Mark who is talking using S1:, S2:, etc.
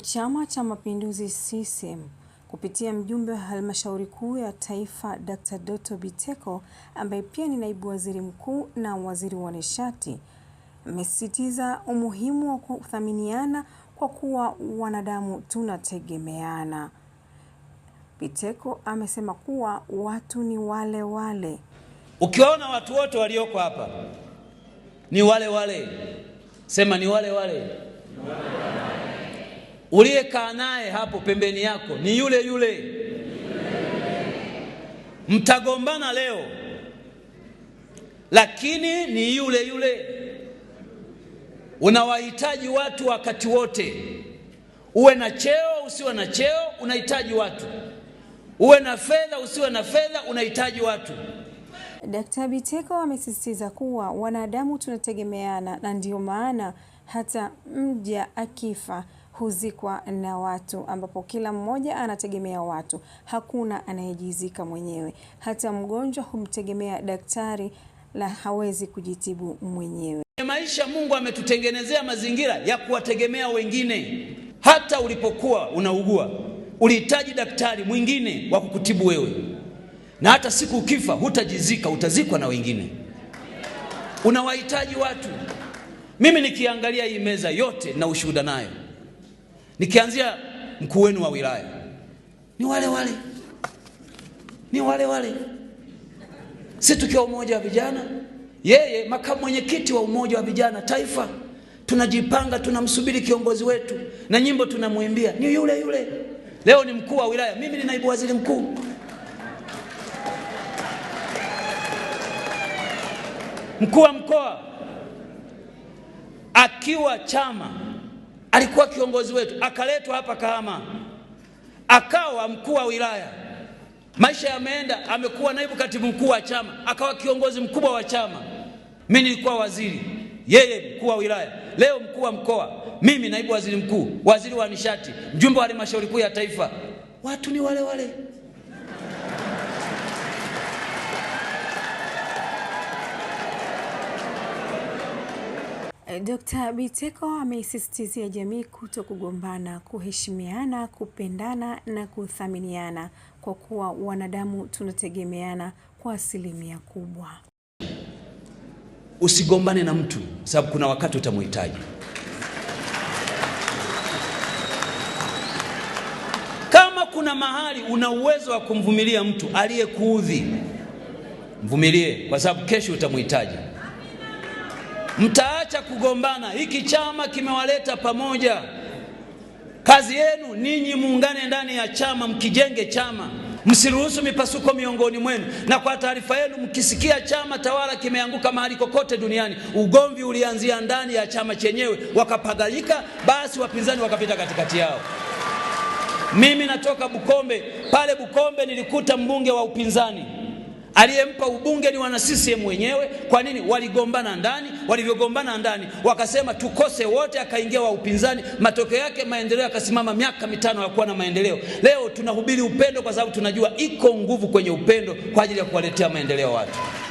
S1: Chama cha Mapinduzi CCM kupitia mjumbe wa halmashauri kuu ya taifa Dr. Doto Biteko ambaye pia ni naibu waziri mkuu na waziri wa nishati amesisitiza umuhimu wa kuthaminiana kwa kuwa wanadamu tunategemeana. Biteko amesema kuwa watu ni wale wale.
S2: Ukiwaona watu wote walioko hapa ni wale wale, sema ni wale wale, ni wale wale uliyekaa naye hapo pembeni yako ni yule yule. Mtagombana leo, lakini ni yule yule. Unawahitaji watu wakati wote, uwe na cheo usiwe na cheo, unahitaji watu, uwe na fedha usiwe na fedha, unahitaji watu.
S1: Daktari Biteko amesisitiza kuwa wanadamu tunategemeana na ndiyo maana hata mja akifa huzikwa na watu, ambapo kila mmoja anategemea watu, hakuna anayejizika mwenyewe. Hata mgonjwa humtegemea daktari la hawezi kujitibu mwenyewe.
S2: Maisha Mungu ametutengenezea mazingira ya kuwategemea wengine. Hata ulipokuwa unaugua ulihitaji daktari mwingine wa kukutibu wewe, na hata siku ukifa hutajizika, utazikwa na wengine. Unawahitaji watu. Mimi nikiangalia hii meza yote na ushuhuda nayo Nikianzia mkuu wenu wa wilaya ni wale wale, ni wale wale. Sisi tukiwa umoja wa vijana, yeye makamu mwenyekiti wa umoja wa vijana taifa, tunajipanga, tunamsubiri kiongozi wetu na nyimbo tunamwimbia, ni yule yule. Leo ni mkuu wa wilaya, mimi ni naibu waziri mkuu. Mkuu wa mkoa akiwa chama alikuwa kiongozi wetu, akaletwa hapa Kahama, akawa mkuu wa wilaya. Maisha yameenda, amekuwa naibu katibu mkuu wa chama, akawa kiongozi mkubwa wa chama. Mimi nilikuwa waziri, yeye mkuu wa wilaya, leo mkuu wa mkoa, mimi naibu waziri mkuu, waziri wa nishati, mjumbe wa halmashauri kuu ya taifa. Watu ni wale wale.
S1: Dkt. Biteko ameisisitizia jamii kuto kugombana, kuheshimiana, kupendana na kuthaminiana kwa kuwa wanadamu tunategemeana kwa asilimia kubwa.
S2: Usigombane na mtu sababu kuna wakati utamhitaji. Kama kuna mahali una uwezo wa kumvumilia mtu aliyekuudhi, mvumilie kwa sababu kesho utamhitaji mtaacha kugombana. Hiki chama kimewaleta pamoja. Kazi yenu ninyi, muungane ndani ya chama, mkijenge chama, msiruhusu mipasuko miongoni mwenu. Na kwa taarifa yenu, mkisikia chama tawala kimeanguka mahali kokote duniani, ugomvi ulianzia ndani ya chama chenyewe, wakapagalika, basi wapinzani wakapita katikati yao. Mimi natoka Bukombe, pale Bukombe nilikuta mbunge wa upinzani Aliyempa ubunge ni wana CCM wenyewe. Kwa nini? Waligombana ndani, walivyogombana ndani wakasema tukose wote, akaingia wa upinzani. Matokeo yake maendeleo yakasimama, miaka mitano hakuwa na maendeleo. Leo tunahubiri upendo, kwa sababu tunajua iko nguvu kwenye upendo kwa ajili ya kuwaletea maendeleo watu.